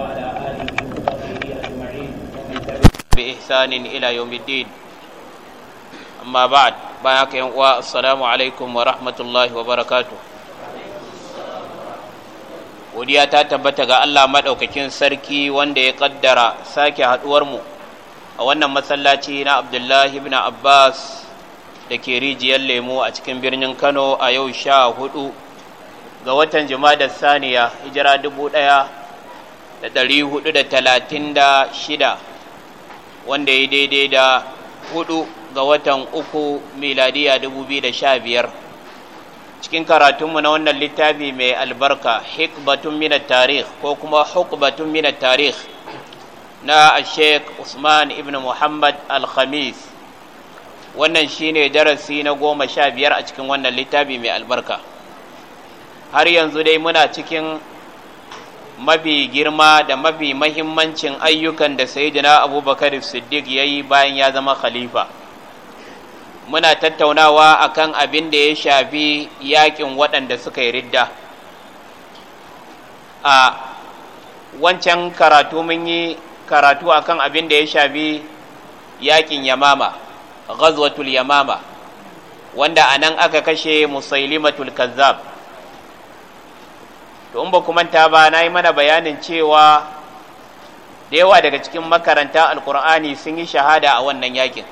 وعلى آله وصحبه أجمعين ومن تبعهم بإحسان إلى يوم الدين أما بعد بارك السلام عليكم ورحمة godiya ta tabbata ga Allah maɗaukakin sarki wanda ya ƙaddara sake haɗuwarmu a wannan masallaci na Abdullahi ibn Abbas da ke rijiyar lemo a cikin birnin Kano a yau sha hudu ga watan jumada saniya hijira dubu ɗaya da ɗari hudu da talatin da shida wanda ya daidai da hudu ga watan uku miladiya dubu biyu da sha biyar cikin karatunmu na wannan littafi mai albarka hikbatun mina tarih ko kuma hukbatun mina tarih na sheik usman ibn muhammad al-khamis wannan shine darasi na goma sha biyar a cikin wannan littafi mai albarka har yanzu dai muna cikin mafi girma da mafi mahimmancin ayyukan da sayyidina abubakar siddiq ya yi bayan ya zama khalifa muna tattaunawa akan abin da ya shafi yakin waɗanda suka yi ridda a wancan karatu mun yi karatu akan abin da ya shafi yakin yamama ghazwatul yamama wanda anan aka kashe musailimatul kazzab to in ba ku manta ba na yi mana bayanin cewa da yawa daga cikin makaranta alkur'ani sun yi shahada a wannan yakin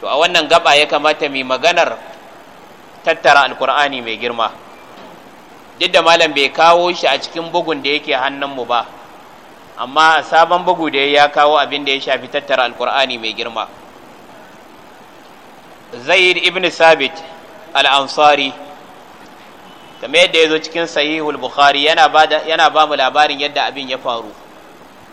to a wannan gaba ya kamata mai maganar tattara alkur'ani mai girma duk da malam bai kawo shi a cikin bugun da yake hannunmu ba amma a sabon bugu da ya kawo abin da ya shafi tattara alkur'ani mai girma zaid ibn sabit al-ansari kamar yadda ya zo cikin sahihul bukhari yana ba yana ba mu labarin yadda abin ya faru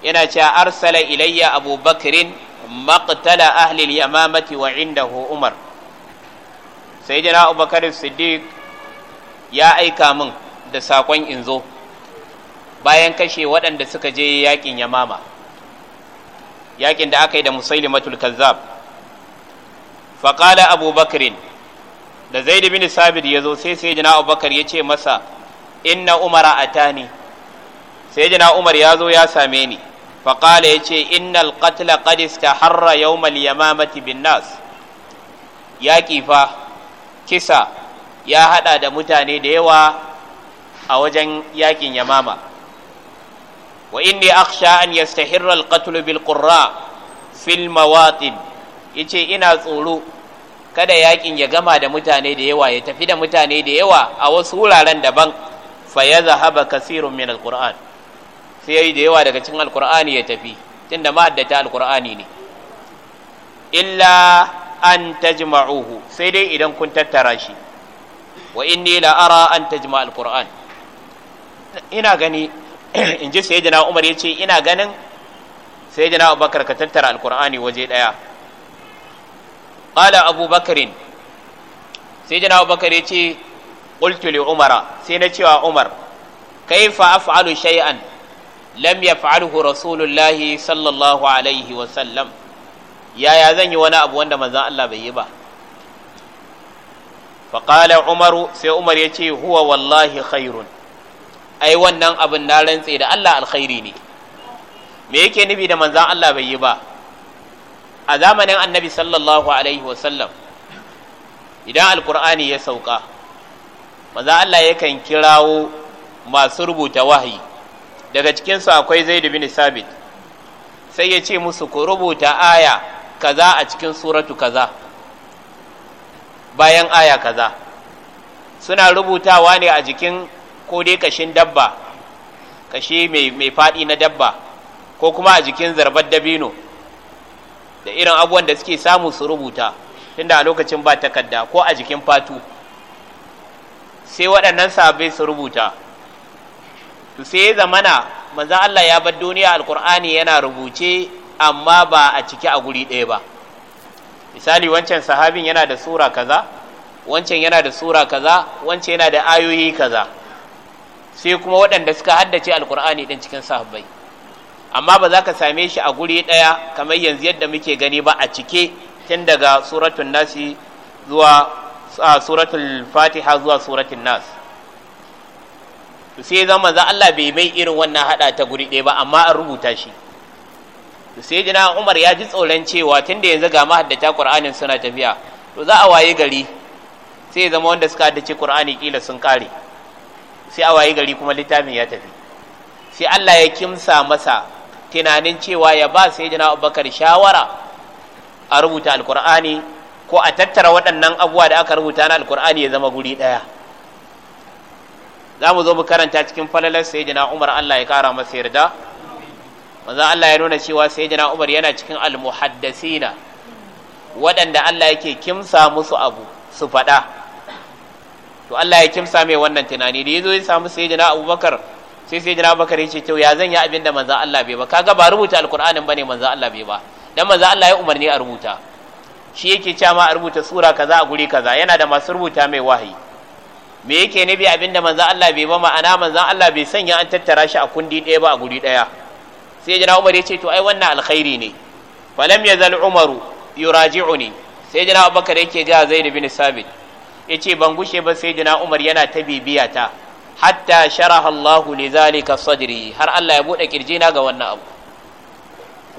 yana cewa arsala ilayya abu bakrin maqtala ahli al-yamamati wa indahu umar abu abubakar siddiq ya aika min da sakon in zo. bayan kashe waɗanda suka je yakin yamama yakin da aka yi da musailimatul kazzab abu abubakrin da zaid bin sabit ya zo sai sai jina abubakar ya ce masa inna umara atani sai jina umar ya zo ya same ni faƙala ya ce innal qatla qad istaharra yawmal yamamati bin nas yaƙi fa kisa ya haɗa da mutane da yawa a wajen yaƙin yamama wa inni aksha an yastahirra al-qatl bil qurra fil mawatin yace ina tsoro kada yakin ya gama da mutane da yawa ya tafi da mutane da yawa a wasu wuraren daban fa ya zahaba kasirun min alquran sai yayi da yawa daga cikin alqur'ani ya tafi tunda ma'addata alqur'ani ne illa an tajma'uhu sai dai idan kun tattara shi wa inni la ara an tajma alquran ina gani in ji sayyidina umar yace ina ganin sayyidina abubakar ka tattara alqur'ani waje daya qala abu bakarin sai jana abu bakar ya ce qultu li umara sai na cewa umar kaifa af'alu shay'an lam yaf'alhu rasulullahi sallallahu alaihi wa sallam yaya zan yi wani abu wanda manzon Allah bai yi ba faƙala umaru sai umar ya ce huwa wallahi khairun ai wannan abin na rantse da Allah alkhairi ne me yake nufi da manzan Allah bai yi ba a zamanin annabi sallallahu alaihi wasallam idan alkur'ani ya sauka maza Allah yakan kirawo masu rubuta wahayi daga cikinsu akwai zaidu bin sabit sai ya ce musu ku rubuta aya kaza a cikin suratu kaza bayan aya kaza suna rubutawa ne a jikin ko dai kashin dabba kashi mai faɗi na dabba ko kuma a jikin zarbar dabino da irin abubuwan da suke samu su rubuta tunda a lokacin ba takarda ko a jikin fatu sai waɗannan sahabbai su rubuta to sai ya zamana manzan Allah ya bar duniya alkur'ani yana rubuce amma ba a ciki a guri ɗaya ba misali wancan sahabin yana da sura kaza wancan yana da sura kaza wancan yana da ayoyi kaza sai kuma waɗanda suka haddace alkur'ani ɗin cikin sahabbai amma ba za ka same shi a guri ɗaya kamar yanzu yadda muke gani ba a cike tun daga suratun nasi zuwa suratul fatiha zuwa suratun nas sai zama za Allah bai mai irin wannan hada ta guri ɗaya ba amma an rubuta shi sai jina umar ya ji tsoron cewa tun da yanzu ga mahaddata qur'anin suna tafiya to za a waye gari sai zama wanda suka haddace qur'ani kila sun kare sai a waye gari kuma littafin ya tafi sai Allah ya kimsa masa tunanin cewa ya ba sai jina abubakar shawara a rubuta alkur'ani ko a tattara waɗannan abubuwa da aka rubuta na alkur'ani ya zama guri ɗaya za mu zo mu karanta cikin falalar sai jina umar allah ya kara masa yarda maza allah ya nuna cewa sai jina umar yana cikin almuhaddasina waɗanda allah yake kimsa musu abu su faɗa to allah ya kimsa mai wannan tunani da ya zo ya samu sai jina abubakar sai sai jina bakar ya ce to ya zan yi abin da manzan Allah bai ba kaga ba rubuta alkur'anin bane manzan Allah bai ba dan manzan Allah ya umarni a rubuta shi yake cewa ma a rubuta sura kaza a guri kaza yana da masu rubuta mai wahayi me yake ne bi abin da manzan Allah bai ba ma'ana manzan Allah bai sanya an tattara shi a kundi ɗaya ba a guri ɗaya sai jina Umar ya ce to ai wannan alkhairi ne falam yazal umaru yuraji'uni sai jina Bakar yake ga Zaid bin Sabit yace ban gushe ba sai jina Umar yana ta bibiya ta hatta sharaha Allahu li zalika sadri har Allah ya bude kirjina ga wannan abu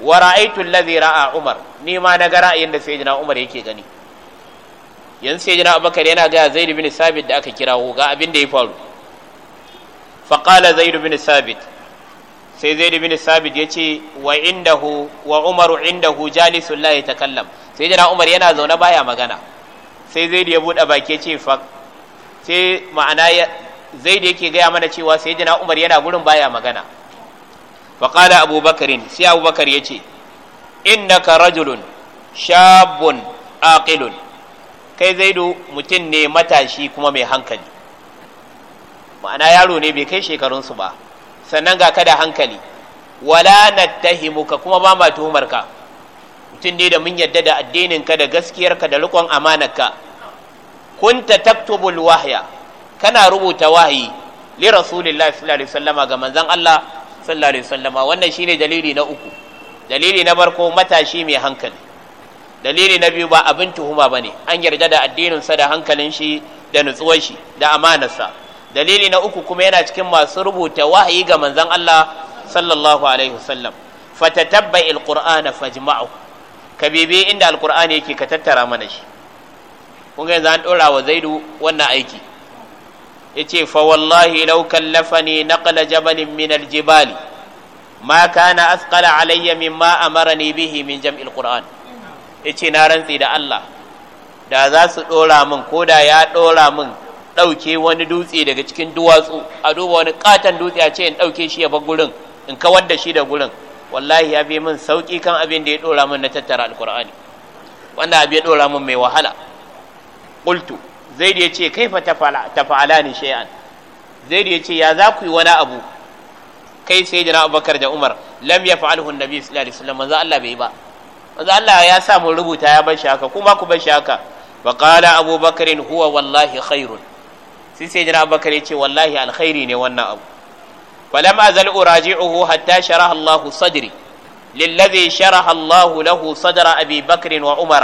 wa ra'aytu alladhi ra'a Umar ni ma na ga ra'ayin da sayyidina Umar yake gani yanzu sayyidina Abubakar yana ga Zaid bin Sabit da aka kirawo ga abin da ya faru fa qala Zaid bin Sabit sai Zaid bin Sabit yace wa indahu wa Umaru indahu jalisun la yatakallam sayyidina Umar yana zaune baya magana sai Zaid ya bude baki ce fa sai ma'ana zai da yake gaya mana cewa sai jina umar yana gurin baya magana fa abubakarin sai abubakar ya ce, yace ka rajulun shabun aqilun kai zaidu mutum ne matashi kuma mai hankali ma'ana yaro ne bai kai shekarunsu ba sannan ga ka da hankali wala nattahimuka kuma ba ma tuhumarka mutum ne da mun yadda da addinin ka da gaskiyarka da rikon amanarka kunta taktubul wahya kana rubuta wahayi li rasulillahi sallallahu alaihi wasallama ga manzon Allah sallallahu alaihi wasallama wannan shine dalili na uku dalili na barko matashi mai hankali dalili na biyu ba abin tuhuma bane an yarda da addinin sa da hankalin shi da nutsuwar shi da amanarsa dalili na uku kuma yana cikin masu rubuta wahayi ga manzon Allah sallallahu alaihi wasallam fatatabbai alqur'ana fajma'u ka bibi inda alqur'ani yake ka tattara mana shi kun ga yanzu an dora wa zaidu wannan aiki yace fa wallahi law kallafani naqla jabalin min aljibali ma kana athqala alayya mimma amarani bihi min jam'il qur'an yace na rantsi da Allah da za su dora min ko da ya dora min dauke wani dutse daga cikin duwatsu a duba wani katon dutse a ce in dauke shi ya bar gurin in kawar da shi da gurin wallahi ya bi min sauki kan abin da ya dora min na tattara alqur'ani wanda abin ya dora min mai wahala qultu zaid ya ce kaifa tafa'ala ni shay'an zaid ya ce ya za ku yi wani abu kai sai jira abubakar da umar lam ya fa'alhu nabi sallallahu alaihi wasallam manzo Allah bai ba manzo Allah ya sa mu rubuta ya bar shi haka kuma ku bar shi haka fa qala abubakar huwa wallahi khairun sai sai jira abubakar ya ce wallahi alkhairi ne wannan abu falam azal uraji'uhu hatta sharaha Allah sadri للذي شرح الله له صدر أبي بكر وعمر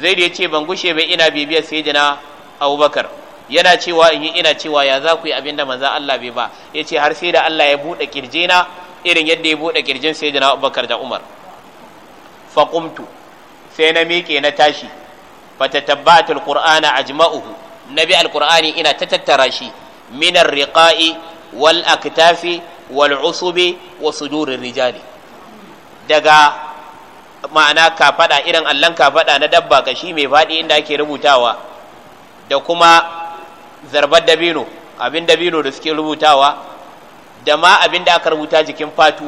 Zaidu ya ce ban gushe ba ina bibiyar sayyidina abubakar yana cewa in yi ina cewa ya za ku yi abin da manzo Allah bai ba ya ce har sai da Allah ya buɗe kirjina irin yadda ya buɗe kirjin sayyidina abubakar da umar Faƙumtu sai na miƙe na tashi fatatabba'atul qur'ana ajma'uhu nabi alqur'ani ina ta tattara shi min riqai wal aktafi wal usubi wa sudurir rijali daga ma'ana kafada irin allon kafada na dabba shi mai faɗi inda ake rubutawa da kuma zarbar dabino abin dabino da suke rubutawa da ma abin da aka rubuta jikin fatu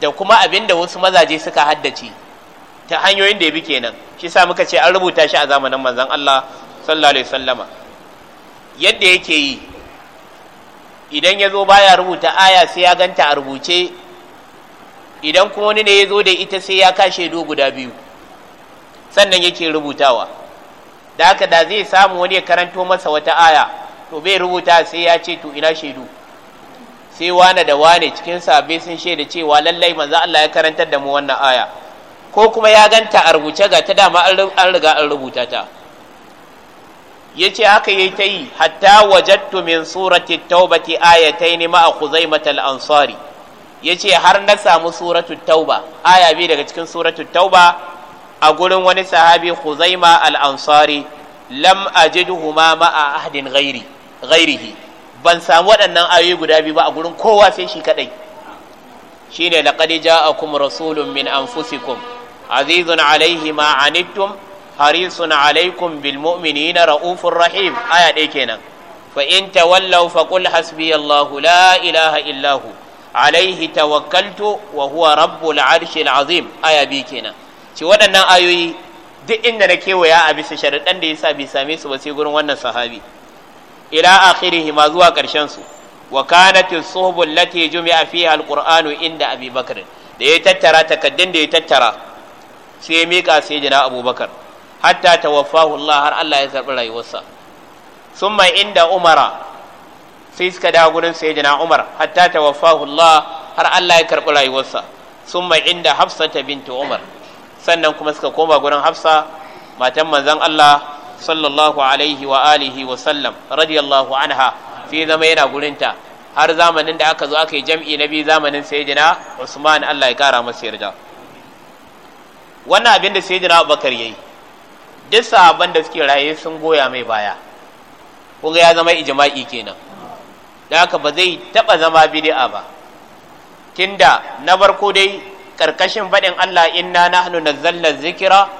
da kuma abin da wasu mazaje suka haddace ta hanyoyin da ya bi kenan shi sa muka ce an rubuta shi a zamanin manzon Allah sallallahu alaihi wasallama yadda yake yi idan ya zo baya rubuta aya sai ya ganta a rubuce idan kuma wani ne ya zo da ita sai ya kashe do guda biyu sannan yake rubutawa da haka da zai samu wani ya karanto masa wata aya to bai rubuta sai ya ce to ina shaidu sai wane da wane cikin sabe sun shaida cewa lallai manzo Allah ya karantar da mu wannan aya ko kuma ya ganta a rubuce ga ta dama an riga an rubuta ta yace haka yayi ta yi hatta wajattu min surati at-taubati ayatayn ma'a khuzaimatal al-ansari ya ce har na samu suratu tauba aya biyu daga cikin suratu tauba a gurin wani sahabi huzaima al-ansari lam ajidhuma ma'a ahdin ghairi ghairihi ban samu waɗannan ayoyi guda biyu ba a gurin kowa sai shi kadai shine laqad ja'akum rasulun min anfusikum azizun alaihi ma anittum harisun alaikum bil mu'minina raufur rahim aya ɗaya kenan fa in tawallaw faqul hasbiyallahu la ilaha illahu alaihi tawakkaltu wa huwa rabbul arshil azim aya bi kenan ci waɗannan ayoyi duk inda na kewaya a bisa sharaɗan da yasa bai same su ba sai gurin wannan sahabi ila akhirihi ma zuwa ƙarshen su wa kanat as-suhbu allati jumi'a fiha al-qur'anu inda Abi Bakr da ya tattara takaddun da ya tattara sai mika sai jina Abubakar hatta tawaffahu Allah har Allah ya zabi rayuwarsa summa inda Umara sai suka dawo gurin sayyidina Umar hatta tawaffahu Allah har Allah ya karɓi rayuwarsa summa inda Hafsa ta bintu Umar sannan kuma suka koma gurin Hafsa matan manzon Allah sallallahu alaihi wa alihi wa sallam radiyallahu anha sai zama yana gurin ta har zamanin da aka zo aka yi jam'i na biyu zamanin sayyidina Usman Allah ya kara masa yarda wannan abin da sayyidina Abubakar yayi duk sahabban da suke raye sun goya mai baya kun ya zama ijma'i kenan da haka ba zai taɓa zama bidi'a ba tunda na farko dai karkashin faɗin Allah inna nahnu nazzalna zikira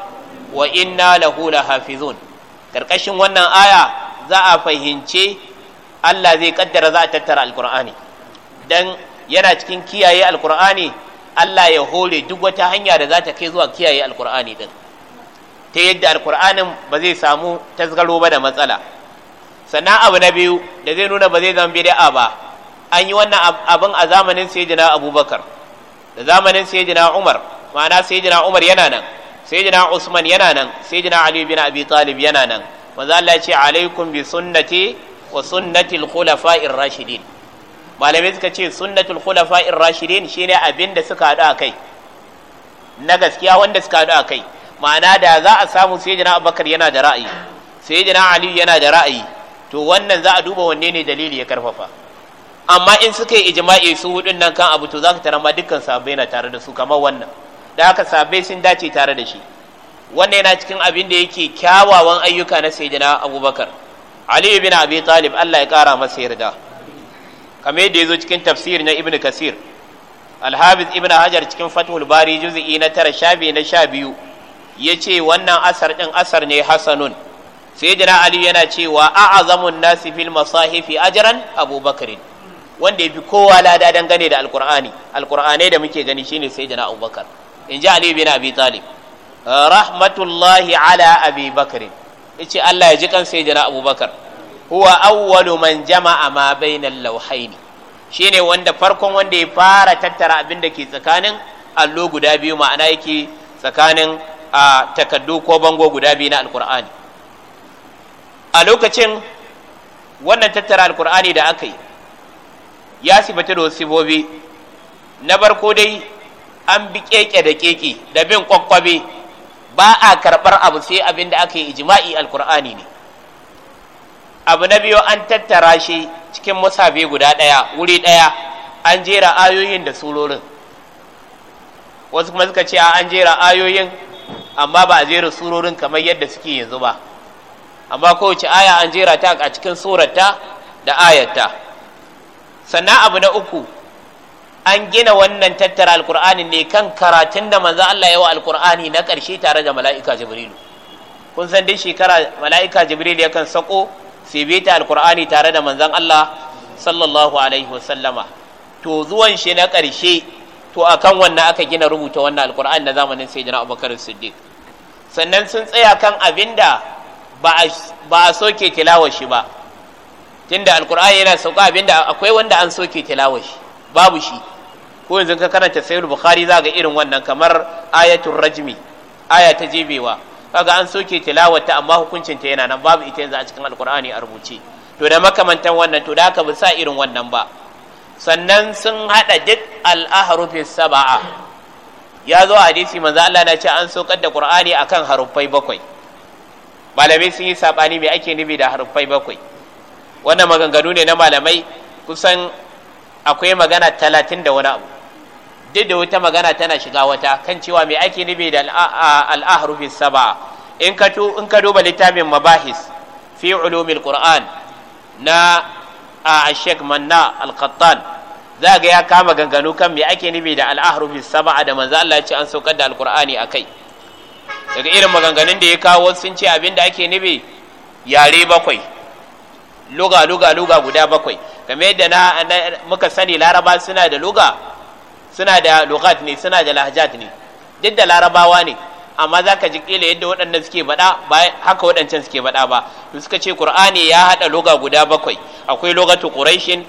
wa inna lahu lahafizun karkashin wannan aya za a fahimce Allah zai kaddara za a tattara alkur'ani dan yana cikin kiyaye alkur'ani Allah ya hore duk wata hanya da za ta kai zuwa kiyaye alkur'ani din ta yadda alkur'anin ba zai samu tasgaro ba da matsala sannan abu na biyu da zai nuna ba zai zama bid'a ba an yi wannan abin a zamanin sayyidina abubakar da zamanin sayyidina umar ma'ana sayyidina umar yana nan sayyidina usman yana nan sayyidina ali bin abi talib yana nan manzo Allah ya ce alaikum bi sunnati wa sunnatil khulafa'ir rashidin malamai suka ce sunnatul khulafa'ir rashidin shine abin da suka haɗu a kai na gaskiya wanda suka haɗu a kai ma'ana da za a samu sayyidina abubakar yana da ra'ayi sayyidina ali yana da ra'ayi to wannan za a duba wanne ne dalili ya karfafa amma in suka yi ijma'i su hudun nan kan abu to za ka tara ma dukkan sahabbai na tare da su kamar wannan da haka sahabbai sun dace tare da shi wannan yana cikin abin da yake kyawawan ayyuka na sayyidina abubakar ali ibn abi talib Allah ya kara masa yarda kamar yadda zo cikin tafsir na ibn kasir Alhabis ibn hajar cikin fathul bari juz'i na 9 shabi na Ya ce wannan asar ɗin asar ne hasanun sayyidina ali yana cewa a'azamun nasi fil masahifi ajran abubakar wanda yafi kowa lada dangane da alqur'ani alqur'anai da muke gani shine sayyidina abubakar in ji ali bin abi talib rahmatullahi ala abi bakr yace Allah ya ji kan sayyidina abubakar huwa awwalu man jama'a ma bainal lawhayn shine wanda farkon wanda ya fara tattara abin da ke tsakanin allo guda biyu ma'ana yake tsakanin takaddu ko bango guda biyu na alqur'ani a lokacin wannan tattara alkur'ani da aka yi ya sifata da sibobi na barko dai an bi keke da keke da bin kwakwabe ba a karɓar abu sai abin da aka yi ijima'i alkur'ani ne abu na biyu an tattara shi cikin musabe guda ɗaya wuri ɗaya an jera ayoyin da surorin wasu kuma suka ce an jera ayoyin amma ba a jera surorin kamar yadda suke yanzu ba amma kowace aya an jera ta a cikin surata da ayata sannan abu na uku an gina wannan tattara alkur'ani ne kan karatun da manzo Allah ya wa alkur'ani na ƙarshe tare da mala'ika jibrilu kun san duk shekara mala'ika jibrilu yakan sako sibita alkur'ani tare da manzon Allah sallallahu alaihi sallama to zuwan shi na ƙarshe to akan wannan aka gina rubuta wannan alkur'ani na zamanin sayyidina abubakar siddiq sannan sun tsaya kan abinda ba a soke tilawar shi ba tunda alkur'ani yana sauka abinda akwai wanda an soke tilawar shi babu shi ko yanzu ka karanta sayyid bukhari za ga irin wannan kamar ayatul rajmi aya ta jebewa kaga an soke tilawar ta amma hukuncin ta yana nan babu ita yanzu a cikin alkur'ani a rubuce to da makamantan wannan to da haka ba sa irin wannan ba sannan sun hada duk al-ahrufi sab'a ya zo a hadisi manzo Allah na ce an sokar da qur'ani akan haruffai bakwai malamai sun yi sabani mai ake nufi da haruffai bakwai wannan maganganu ne na malamai kusan akwai magana talatin da wani abu duk da wata magana tana shiga wata kan cewa mai ake nufi da al'ahrufis saba in ka duba littafin mabahis fi ulumil qur'an na a Sheikh Manna al za ga ya kama ganganu kan me ake nufi da al'ahrufis saba da manzo Allah ya ce an saukar da a kai. daga irin maganganun da ya kawo sun ce abin da ake nufi yare bakwai luga luga luga guda bakwai game yadda na muka sani laraba suna da luga suna da lugat ne suna da lahjat ne duk da larabawa ne amma za ka ji kila yadda waɗannan suke baɗa ba haka waɗancan suke baɗa ba to suka ce qur'ani ya haɗa luga guda bakwai akwai lugatu quraishin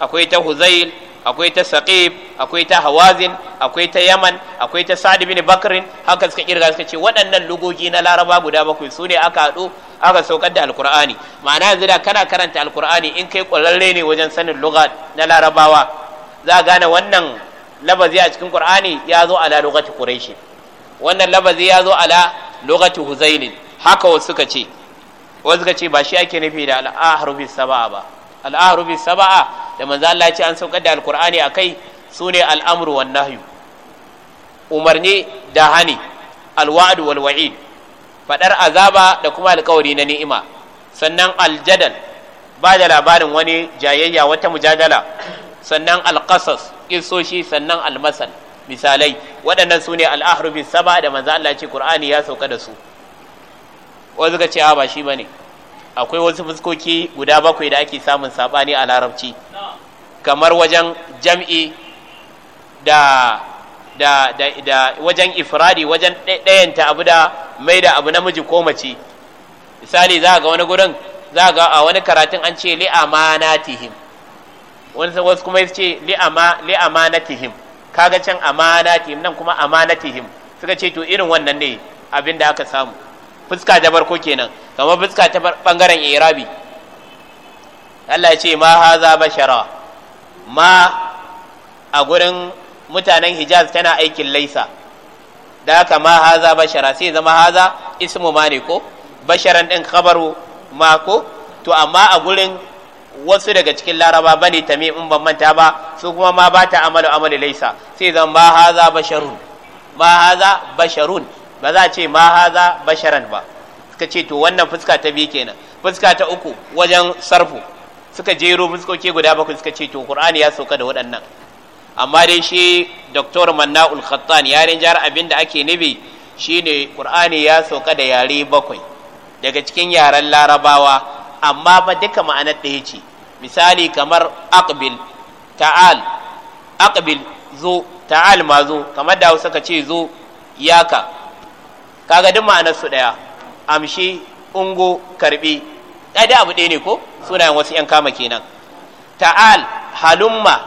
akwai ta huzail akwai ta saqib akwai ta hawazin akwai ta yaman akwai ta sa'd bin bakrin haka suka kirga suka ce waɗannan lugogi na laraba guda bakwai su ne aka haɗu aka saukar da alkur'ani ma'ana yanzu da kana karanta alkur'ani in kai ƙwararre ne wajen sanin lugat na larabawa za gane wannan labazi a cikin qur'ani ya zo ala lugati quraish wannan labazi ya zo ala lugati huzailin haka wasu suka ce wasu suka ce ba shi ake nufi da al'ahrufis sab'a ba al'ahru bi da manzo Allah ya ce an saukar da alqur'ani akai sune al'amru wan nahyu umarni da hani alwa'd wal wa'id fadar azaba da kuma alkawari na ni'ima sannan aljadal ba da labarin wani jayayya wata mujadala sannan alqasas kisoshi sannan almasal misalai waɗannan su ne al'ahru saba da manzo Allah ya ce qur'ani ya sauka da su wasu ka ce ba shi bane akwai wasu fuskoki guda bakwai da ake samun saɓani a larabci kamar wajen jam'i da da da da wajen ifradi wajen ɗayanta abu da mai da abu namiji ko mace misali za ga wani gurin za ga a wani karatun an ce li li'amanatihim wani wasu kuma ce li li amanatihim kaga can amanatihim nan kuma amanatihim suka ce to irin wannan ne abin da aka samu fuska ta farko kenan kamar fuska ta bangaren irabi Allah ya ce ma haza bashara ma a gurin mutanen hijaz tana aikin laisa da haka ma haza bashara sai zama haza ismu ma ne ko basharan din khabaru ma ko to amma a gurin wasu daga cikin laraba bane mai in ban manta ba su kuma ma ba ta amalu amali laisa sai zama ma haza basharun ma haza basharun ba za a ce ma haza basharan ba suka ce to wannan fuska ta biyu kenan fuska ta uku wajen sarfu suka jero fuskoki guda bakwai suka ce to qur'ani ya sauka da waɗannan amma dai shi doktor manna'ul khattan ya rinjar abin da ake nufi shine qur'ani ya sauka da yare bakwai daga cikin yaren larabawa amma ba duka ma'anar ɗaya ce misali kamar aqbil ta'al aqbil zo ta'al ma zo kamar da suka ce zo iyaka. kaga duk ma'anar su daya amshi ungo karbi ai da abu ɗaya ne ko sunayen wasu yan kama kenan ta'al halumma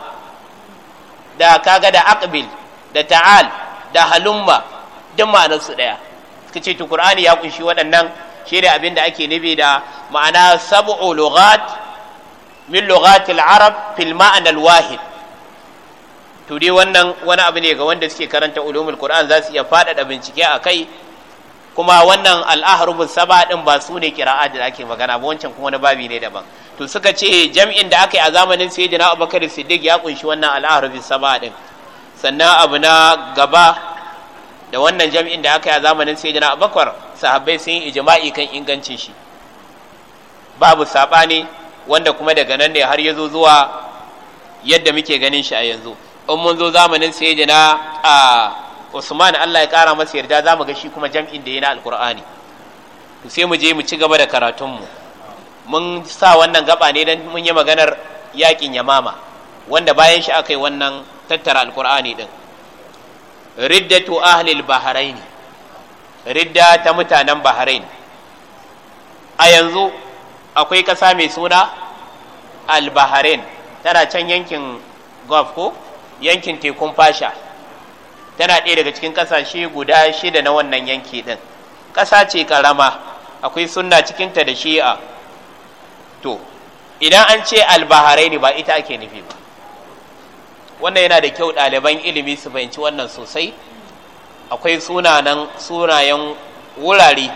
da kaga da aqbil da ta'al da halumma duk ma'anar su daya suka ce to qur'ani ya kunshi waɗannan shi ne abin da ake nufi da ma'ana sab'u lughat min lughatil arab fil ma'ana al-wahid to dai wannan wani abu ne ga wanda suke karanta ulumul qur'an za su iya faɗaɗa bincike a kai kuma wannan al'aharubul saba din ba su ne kira'a da ake magana ba wancan kuma wani babi ne daban to suka ce jam'in da aka yi a zamanin sayyidina abubakar siddiq ya kunshi wannan al'aharubul saba din sannan abu na gaba da wannan jam'in da aka yi a zamanin sayyidina abubakar sahabbai sun yi ijma'i kan ingancin shi babu sabani wanda kuma daga nan ne har ya zo zuwa yadda muke ganin shi a yanzu in mun zo zamanin sayyidina a Usman Allah ya kara masa yarda za mu ga shi kuma jam'in da na alkur'ani to sai mu je mu ci gaba da karatunmu mun sa wannan gaba ne dan mun yi maganar yakin yamama wanda bayan shi akai wannan tattara alkur'ani din riddatu ahlil bahrain ridda ta mutanen bahrain a yanzu akwai kasa mai suna al bahrain tana can yankin gulf ko yankin tekun fasha tana ɗaya daga cikin ƙasashe guda shida na wannan yanki ɗin ƙasa ce ƙarama akwai sunna cikinta da shi'a to idan an ce albaharai ne ba ita ake nufi ba wannan yana da kyau ɗaliban ilimi su fahimci wannan sosai akwai sunanan sunayen wurare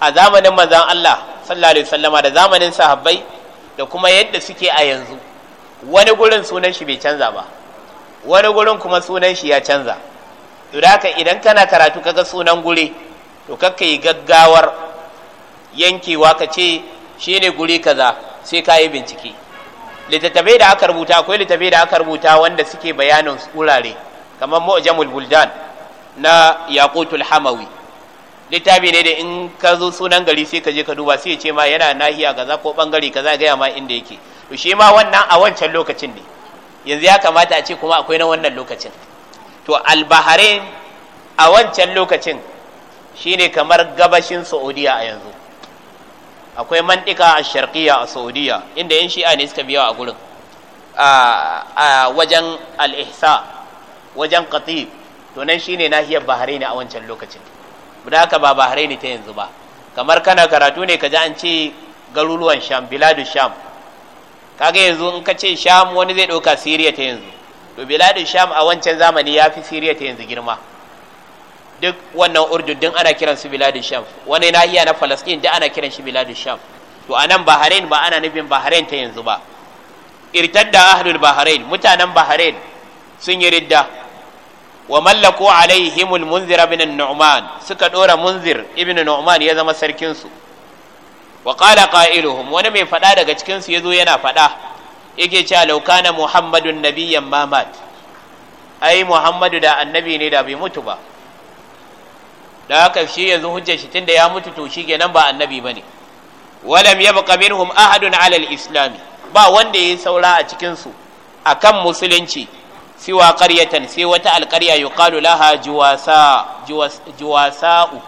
a zamanin manzan Allah sallallahu alaihi wasallama da zamanin sahabbai da kuma yadda suke a yanzu wani gurin sunan shi bai canza ba wani gurin kuma sunan shi ya canza to da idan kana karatu kaga sunan guri to kakka yi gaggawar yankewa ka ce shi ne guri kaza sai ka yi bincike littattafai da aka rubuta akwai littattafai da aka rubuta wanda suke bayanin wurare kamar mu'jamul buldan na yaqutul hamawi littafi ne da in ka zo sunan gari sai ka je ka duba sai ce ma yana nahiya kaza ko bangare kaza gaya ma inda yake to shi ma wannan a wancan lokacin ne yanzu ya kamata a ce kuma akwai na wannan lokacin to albahare a wancan lokacin shine kamar gabashin saudiya a yanzu akwai mandika a sharkiya a saudiya inda yan shi'a ne suka biya a gurin a wajen al'ihsa wajen kati to nan shine nahiyar bahrain a wancan lokacin da haka ba bahrain ta yanzu ba kamar kana karatu ne ka an ce garuruwan sham biladu sham kaga yanzu in ka ce sham wani zai ɗauka siriya ta yanzu to biladun sham a wancan zamani ya fi siriya ta yanzu girma duk wannan din ana kiransu biladun sham wani nahiya na Falasɗin duk ana kiran shi biladun sham to a nan bahrain ba ana nufin bahrain ta yanzu ba irtar da ahlul bahrain mutanen bahrain sun yi ridda wa mallaku alaihimul munzir ibn nu'man suka dora munzir ibn nu'man ya zama sarkin su wa qala qailuhum wani mai fada daga cikin su yazo yana fada yake cewa laukana muhammadun nabiyan mamad ai muhammadu da annabi ne da bai mutu ba da haka shi yanzu hujjar shi tunda ya mutu to shi kenan ba annabi bane walam yabqa hum ahadun ala islami ba wanda yayi saura a cikin su kan musulunci siwa qaryatan sai wata alqarya yuqalu laha juwasa juwasa'u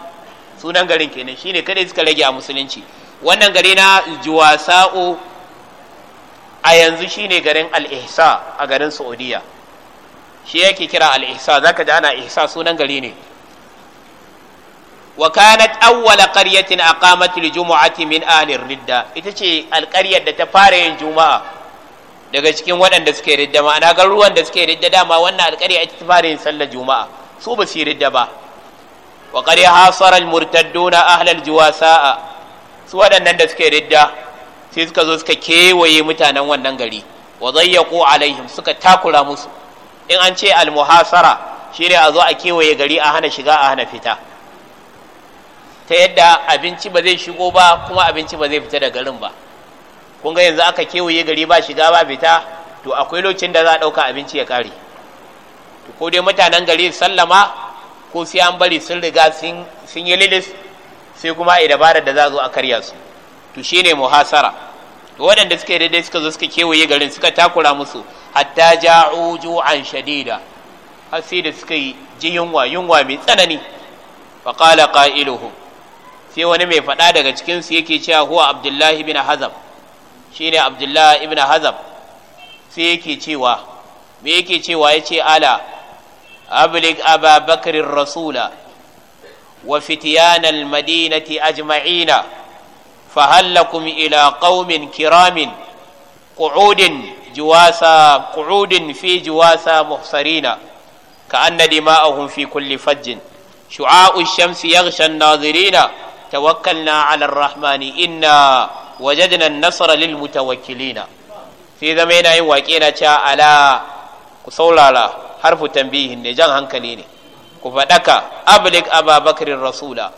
sunan garin kenan shine kadai suka rage a musulunci wannan gari na juwasa'u a yanzu shine garin al-ihsa a garin saudiya shi yake kira al-ihsa zaka ji ana ihsa sunan gari ne wa kanat awwala qaryatin aqamat al-jum'ati min ahli ridda ita ce alƙaryar da ta fara yin juma'a daga cikin waɗanda suke ridda ma'ana garuruwan da suke ridda dama wannan alƙarya ita ta fara yin sallar juma'a su ba su ridda ba wa qad hasara al-murtadduna ahli al su waɗannan da suke ridda sai suka zo suka kewaye mutanen wannan gari wa zayyaqu alaihim suka takura musu in an ce almuhasara shine a zo a kewaye gari a hana shiga a hana fita ta yadda abinci ba zai shigo ba kuma abinci ba zai fita da garin ba kun ga yanzu aka kewaye gari ba shiga ba fita to akwai lokacin da za a ɗauka abinci ya ƙare to ko dai mutanen gari sallama ko sai an bari sun riga sun yi lilis sai kuma a dabarar da za a zo a karya su to shine muhasara to waɗanda suka daidai suka zo suka kewaye garin suka takura musu hatta ja'u ju'an shadida har sai da suka yi ji yunwa yunwa mai tsanani fa qala sai wani mai faɗa daga cikin su yake cewa huwa abdullahi ibn hazab shine abdullahi ibn hazab sai yake cewa me yake cewa yace ala ablig ababakar rasula wa fitiyan madinati ajma'ina فهل لكم إلى قوم كرام قعود جواسا قعود في جواسا محصرين كأن دماءهم في كل فج شعاع الشمس يغشى الناظرين توكلنا على الرحمن إنا وجدنا النصر للمتوكلين sai zama yana yin waƙe na cewa ala ku saurara harfu tambihin ne jan hankali ne ku faɗaka ablik ababakarin rasula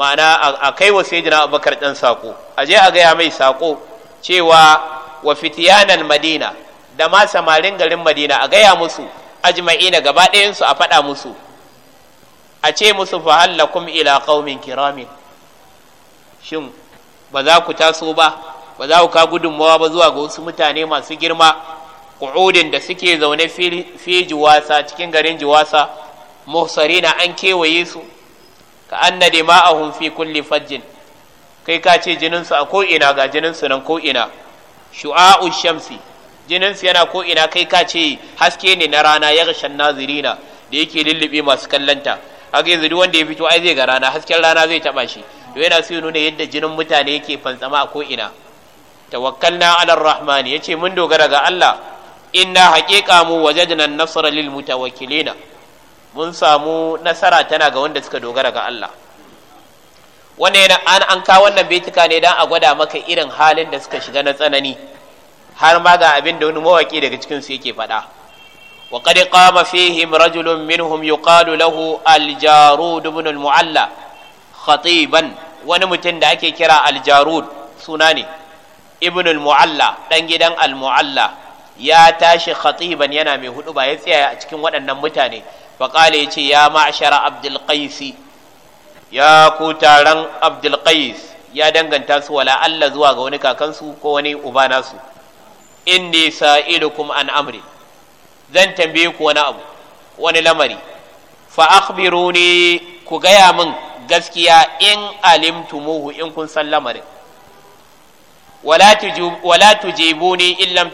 ma'ana a kai wa sayyidina abubakar ɗan saƙo a je a gaya mai saƙo cewa wa fitiyanan madina da ma samarin garin madina a gaya musu ajma'ina gaba ɗayansu a faɗa musu a ce musu fahallakum ila qaumin kiramin shin ba za ku taso ba ba za ku ka gudunmawa ba zuwa ga wasu mutane masu girma ƙu'udin da suke zaune fi juwasa cikin garin juwasa muhsarina an kewaye su ka anna dima'ahum fi kulli fajjin kai ka ce jinin a ko'ina ga jinin su nan ko shu'a'u shamsi jininsu yana ko'ina ina kai ka ce haske ne na rana ya gashan nazirina da yake lullube masu kallanta haka yanzu duk wanda ya fito ai zai ga rana hasken rana zai taba shi to yana so nuna yadda jinin mutane yake fantsama a ko'ina. ina tawakkalna ala ya yace mun dogara ga Allah inna haqiqa mu wajadna an-nasra lil mutawakkilina mun samu nasara tana ga wanda suka dogara ga Allah wannan an an wannan baitika ne dan a gwada maka irin halin da suka shiga na tsanani har ma ga abin da wani mawaki daga cikinsu yake faɗa wa qad qama fihim rajulun minhum yuqalu lahu al-jarud ibn al-mu'alla khatiban wani mutum da ake kira al-jarud suna ne ibn al-mu'alla dan gidan al-mu'alla ya tashi khatiban yana mai hudu ba ya tsaya a cikin waɗannan mutane faƙala ya ce ya ma'ashara abdulkaisi ya ku taron abdulkais ya danganta su wala Allah zuwa ga wani kakansu ko wani uba nasu inni sa'ilukum an amri zan tambaye ku wani abu wani lamari fa akhbiruni ku gaya min gaskiya in alimtumuhu in kun san lamarin wala tujibuni in lam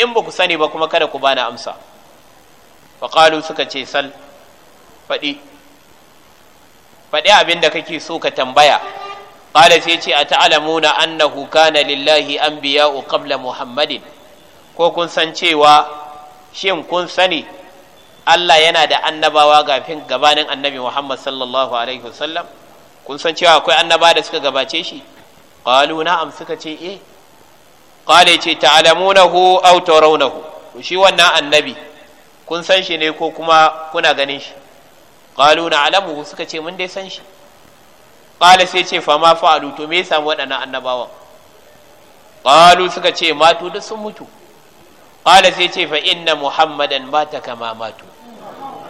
in ba ku sani ba kuma kada ku bani amsa faƙalu suka ce sal faɗi faɗi abin da kake so ka tambaya ƙala sai ce a ta'alamuna annahu kana lillahi an biya qabla muhammadin ko kun san cewa shin kun sani Allah yana da annabawa gafin gabanin annabi Muhammad sallallahu alaihi wasallam kun san cewa akwai annaba da suka gabace shi qalu na'am suka ce eh qale ce ta'lamunahu aw tarawnahu shi wannan annabi kun san shi ne ko kuma kuna ganin shi qalu na'lamu suka ce mun dai san shi qala sai ce fa ma fa'alu to me yasa waɗannan annabawan qalu suka ce matu duk sun mutu qala sai ce fa inna muhammadan mata kama matu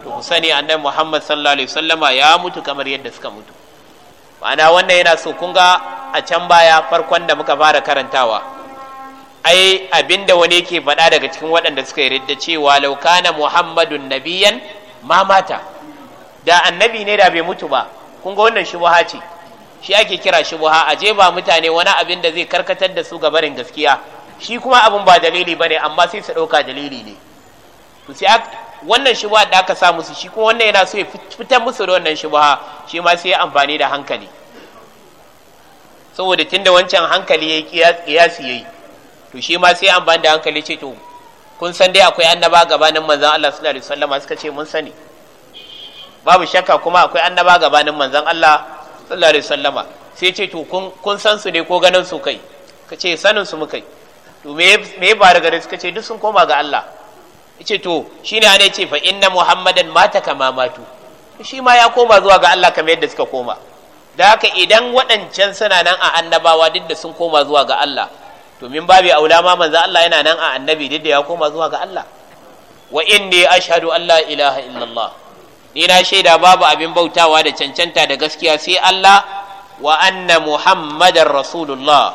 to ku sani annabi muhammad sallallahu alaihi wasallama ya mutu kamar yadda suka mutu ma'ana wannan yana so kun ga a can baya farkon da muka fara karantawa ai abinda wani yake faɗa daga cikin waɗanda suka yarda cewa laukana Muhammadu nabiyan ma mata da annabi ne da bai mutu ba kun ga wannan shubuha ce shi ake kira shubuha a je ba mutane wani abin da zai karkatar da su ga barin gaskiya shi kuma abin ba dalili bane amma sai su ɗauka dalili ne to sai wannan shubuha da aka sa musu shi kuma wannan yana so ya fitar musu da wannan shubuha shi ma sai ya amfani da hankali saboda tunda wancan hankali ya yi kiyasi ya yi to shi ma sai an bani da hankali ce to kun san dai akwai annaba gabanin manzon Allah sallallahu alaihi wasallam suka ce mun sani babu shakka kuma akwai annaba gabanin manzon Allah sallallahu alaihi wasallam sai ce to kun kun san su ne ko ganin su kai ka ce sanin su muka to me me ba daga gare suka ce duk sun koma ga Allah yace to shine ana ce fa inna muhammadan mata kama matu shi ma ya koma zuwa ga Allah kamar yadda suka koma da haka idan waɗancan suna nan a annabawa duk da sun koma zuwa ga Allah domin babu aula ma manzo Allah yana nan a annabi duk da ya koma zuwa ga Allah wa inni ashhadu an la ilaha illallah ni na shaida babu abin bautawa da cancanta da gaskiya sai Allah wa anna muhammadar rasulullah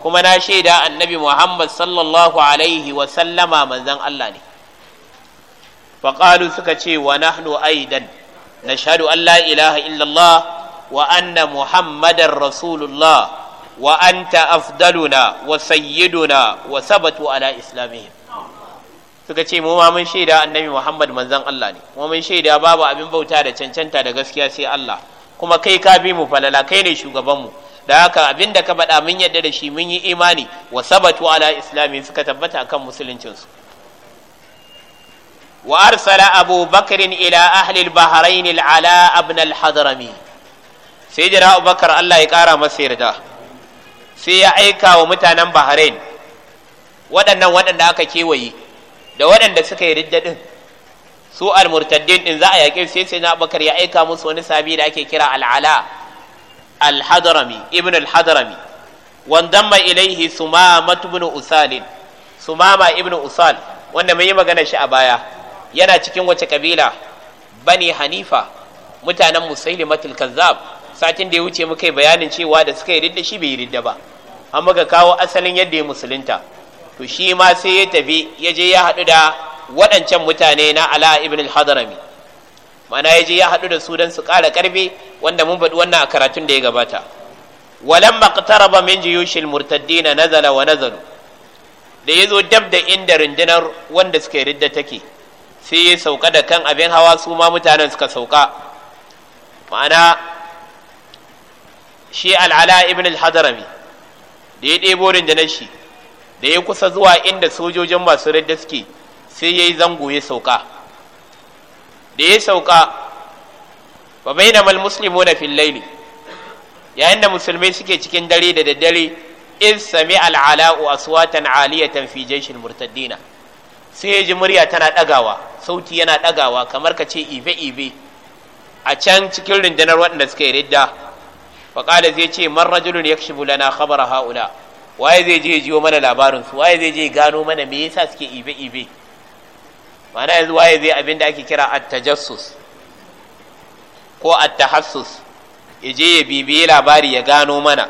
kuma na shaida annabi muhammad sallallahu alaihi wa sallama manzon Allah ne faƙalu suka ce wa nahnu aidan na shaɗu an la ilaha illallah wa anna muhammadar rasulullah wa anta afdaluna wa sayyiduna wa sabatu ala islamihim suka ce mu ma mun shaida annabi Muhammad manzon Allah ne mu mun shaida babu abin bauta da cancanta da gaskiya sai Allah kuma kai ka bi mu falala kai ne shugaban mu da haka abin da ka faɗa mun yadda da shi mun yi imani wa sabatu ala islami suka tabbata akan musuluncin su wa arsala abu bakrin ila ahli al-bahrain al-ala ibn al-hadrami sayyidina abubakar Allah ya kara masa yarda sai ya aika wa mutanen bahrain waɗannan waɗanda aka kewaye da waɗanda suka yi riddadin su almurtaddin din za a yaƙe sai sai na bakar ya aika musu wani sabi da ake kira al'ala al-hadrami ibn al-hadrami wandamma ilaihi sumama ibn usalin sumama ibn usal wanda mai yi magana shi a baya yana cikin wace kabila bani hanifa mutanen musailimatul kazzab satin da ya wuce muka yi bayanin cewa da suka yi ridda shi bai yi ridda ba an muka kawo asalin yadda ya musulunta to shi ma sai ya tafi ya je ya haɗu da waɗancan mutane na ala ibn al-hadarami mana ya je ya haɗu da su don su ƙara ƙarfi wanda mun faɗi wannan a karatun da ya gabata walan maqtaraba min jiyushil murtaddina nazala wa nazalu da ya zo dab da inda rundunar wanda suka yi ridda take sai ya sauka da kan abin hawa su ma mutanen suka sauka ma'ana shi al'ala ibn al-hadarami da ya ɗebo rundunar shi da ya kusa zuwa inda sojojin masu radda suke sai ya yi zango ya sauka da ya sauka ba bai na malmuslimu na fillaili yayin da musulmai suke cikin dare da daddare in sami al'ala'u aswatan aliyatan fi jaishin murtaddina sai ya ji murya tana ɗagawa sauti yana ɗagawa kamar ka ce ibe-ibe a can cikin rundunar waɗanda suka yi ridda faƙala zai ce man rajulun ya kashi bulana khabara ha'ula waye zai je jiyo mana labarinsu? waye zai je gano mana me yasa suke ibe ibe mana yanzu waye zai abin da ake kira at-tajassus ko at-tahassus ya je ya bibiye labari ya gano mana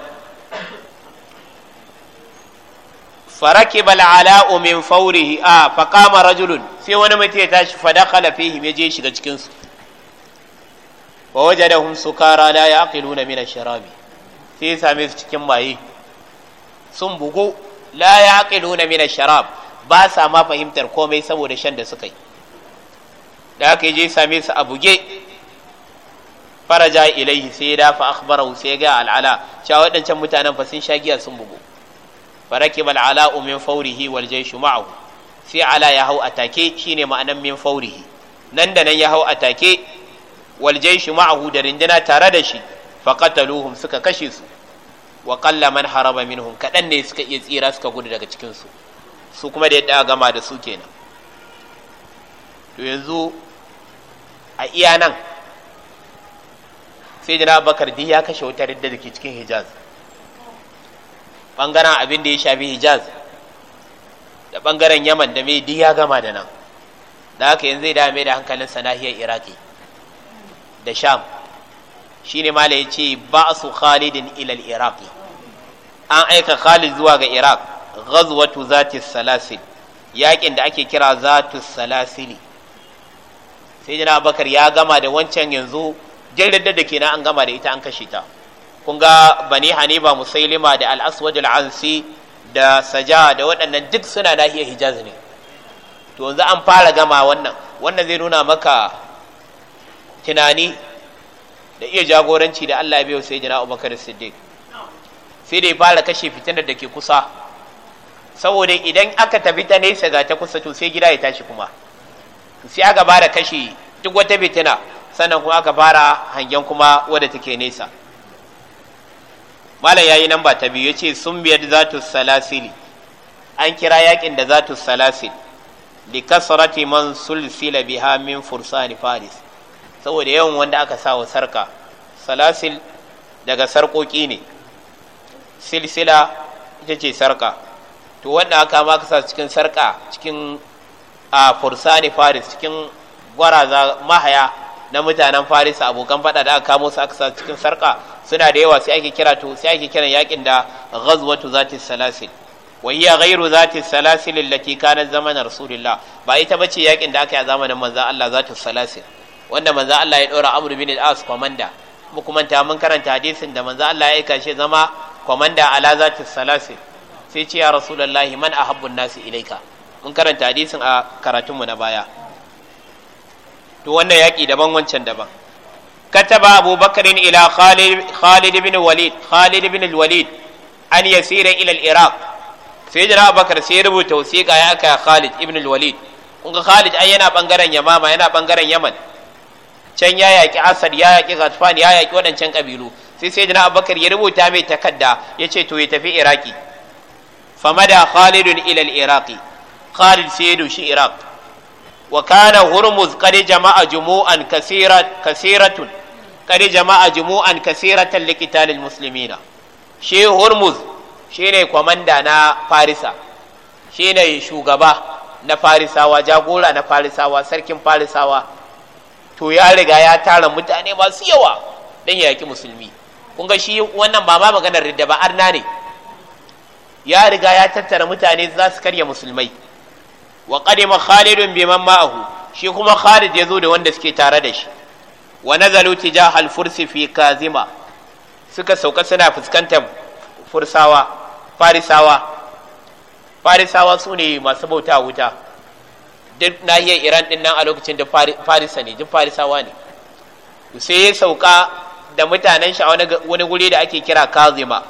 فركب العلاء من فوره آه فقام رجل sai wani mutum ya tashi fadakala fihim ya je shiga cikinsu wa wajadahum sukara la yaqiluna min ash-sharabi sai same su cikin maye sun bugu la yaqiluna min ash-sharab ba sa ma fahimtar komai saboda shan da suka yi da aka je same su a buge faraja ilaihi sai ya dafa akhbarahu sai ga al'ala cewa waɗancan mutanen fa sun sha giya sun bugu farakib al'ala min faurihi wal jayshu ma'ahu sai ala ya hau atake shine ma'anan min faurihi nan da nan ya hau atake wal jayshu ma'ahu da rindina tare da shi faqataluhum suka kashe su wa qalla man haraba minhum kadan ne suka iya tsira suka gudu daga cikin su su kuma da yadda gama da su kenan to yanzu a iya nan sai jira bakar di ya kashe wata ridda da ke cikin hijaz ɓangaren abin da ya shafi hijaz da ɓangaren yaman da mai di ya gama da nan da haka yanzu zai dame da hankalin sanahiyar iraki da sham shine ma ya ce ba'su khalidin ilal iraq an aika khalid zuwa ga iraq ghazwatu zati salasil yakin da ake kira zatu salasili sai jina bakar ya gama da wancan yanzu jirgin da kenan an gama da ita an kashe ta kun ga bani haniba musailima da al al'ansi da saja da waɗannan duk suna nahiyar hijaz ne to yanzu an fara gama wannan wannan zai nuna maka tunani da iya jagoranci da Allah ya biyo sai jina Abubakar Siddiq sai da ya fara kashe fitinar da ke kusa saboda idan aka tafi ta nesa ga ta kusa to sai gida ya tashi kuma sai aka fara kashe duk wata fitina sannan kuma aka fara hangen kuma wadda take nesa malam yayi namba ta biyu yace sun biyar zatu salasili an kira yakin da zatu salasil likasrati man sulsila biha min fursani faris saboda yawan wanda aka sa wa sarka salasil daga sarƙoƙi ne silsila ita ce sarka to wanda aka maka sa cikin sarka cikin a fursani faris cikin gwaraza mahaya na mutanen faris abokan fada da aka kamo su aka sa cikin sarka suna da yawa sai ake kira to sai ake kiran yakin da ghazwatu zati salasil wa hiya zati salasil allati kanat zaman rasulillah ba ita bace yakin da aka yi a zamanin manzo Allah zati salasil wanda manzo Allah ya dora Amr bin al-As komanda Kuma ta mun karanta hadisin da manzo Allah ya aika shi zama komanda ala zati salasil sai ce ya rasulullahi man ahabbu nasi ilaika mun karanta hadisin a karatun mu na baya to wannan yaki daban wancan daban كتب أبو بكر إلى خالد خالد بن الوليد خالد بن الوليد أن يسير إلى العراق سيدنا أبو بكر سيربو توسيق يا خالد ابن الوليد kun ga Khalid ai yana bangaren Yamama yana bangaren Yaman can ya yaƙi asad ya yaƙi gatfan ya yaƙi waɗancan ƙabilu sai sai jina abubakar ya rubuta mai takarda ya ce to ya tafi iraki famada khalidun ilal iraki khalid sai ya doshi iraq wa kana hurmuz qad jama'a jumu'an kasiratun qad jama'a jumu'an kasiratan liqitalil muslimina shi hurmuz shine kwamanda na farisa shine shugaba na farisawa jagora na farisawa sarkin farisawa to ya riga ya tara mutane masu yawa dan ya yaki musulmi kun ga shi wannan ba ma maganar ridda ba arna ne ya riga ya tattara mutane za su karya musulmai wa qadima khalidun man ma'ahu shi kuma khalid ya zo da wanda suke tare da shi wa nazalu tijaha al-fursi fi kazima suka sauka suna fuskantar fursawa farisawa farisawa su masu bauta wuta duk nahiyar iran din nan a lokacin da farisa ne duk farisawa ne sai ya sauka da mutanen sha wani guri da ake kira kazima